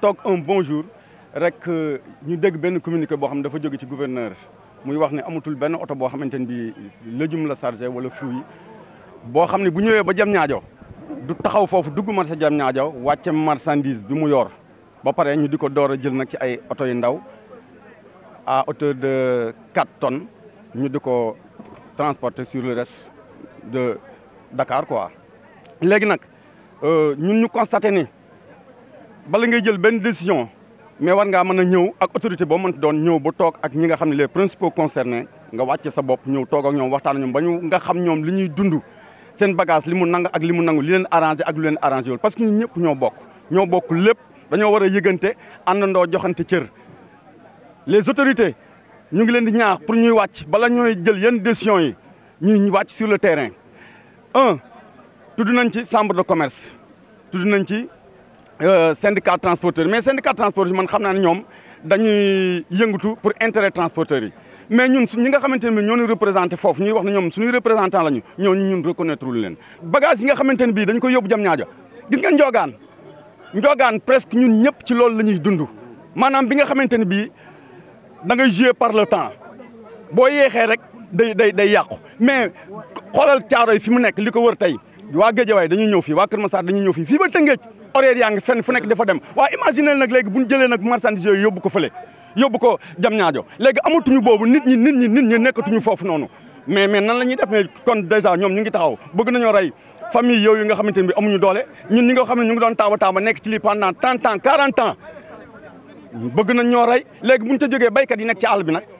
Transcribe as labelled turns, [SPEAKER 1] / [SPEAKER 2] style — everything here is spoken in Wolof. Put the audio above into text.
[SPEAKER 1] toog un bon jour rek euh, ñu dégg benn communiqué boo xam ne dafa jóge ci gouverneur muy wax ne amatul benn oto boo xamante ne bii lëjum la chargé wala fruit boo xam ne bu ñëwee ba jam ñaajo du taxaw foofu dugg marché jam ñaajo wàcce marchandise bi mu yor ba pare ñu di ko door a jël nag ci ay oto yu ndaw à hauteur de quatre tonnes ñu di ko transporter sur le reste de Dakar quoi léegi nag euh, ñun ñu constaté ni bala ngay jël benn décision mais war ngaa mën a ñëw ak autorité boo mënti doon ñëw ba toog ak ñi nga xam ne les principaux concernés nga wàcce sa bopp ñëw toog ak ñoom waxtaan ñoom ba ñu nga xam ñoom li ñuy dund seen bagage li mu nang ak li mu nangu li leen arrangé ak lu leen arrangé wul parce que ñun ñëpp ñoo bokk ñoo bokk lépp dañoo war a yëgante àndandoo joxante cër les autorités ñu ngi leen di ñaax pour ñuy wàcc bala ñooy jël yenn décisions yi ñuy wàcc sur le terrain un tudd nañ ci chambre de commerce tudd nañ ci Euh, syndicat transporteur mais syndicat transporteur man xam naa ne ñoom dañuy yëngatu pour intérêt transporteurs yi mais ñun ñi nga xamante ne bii ñoo ñu représenté foofu ñuy wax ne ñoom suñuy représentant la ñu ñooñu ñun reconnaître lu leen bagage yi nga xamante ne bii dañ koy yóbbu jam ñaajo gis nga njogaan njogaan presque ñun ñëpp ci loolu la ñuy dund maanaam bi nga xamante ne bii da ngay joué par le temps boo yéexee rek day day day yàqu mais xoolal caaro yi fi mu nekk li ko wër tey waa Géejawaay dañuy ñëw fii waa Kër Massar dañuy ñëw fii fii ba Tëngéej horaire yaa ngi fenn fu nekk dafa dem waa imaginer nag léegi bu ñu jëlee nag marchandise yooyu yóbbu ko fële yóbbu ko jam ñaajo léegi amatuñu boobu nit ñi nit ñi nit ñi nekkatuñu foofu noonu mais mais nan la ñuy def kon dèjà ñoom ñu ngi taxaw bëgg nañoo rey famille yooyu nga xamante ne bi amuñu doole ñun ñi nga xam ne ñu ngi doon taaba taaba nekk ci lii pendant trente ans quarante ans bëgg na ñoo rey léegi buñu ta jógee béykat yi nekk ci àll bi nag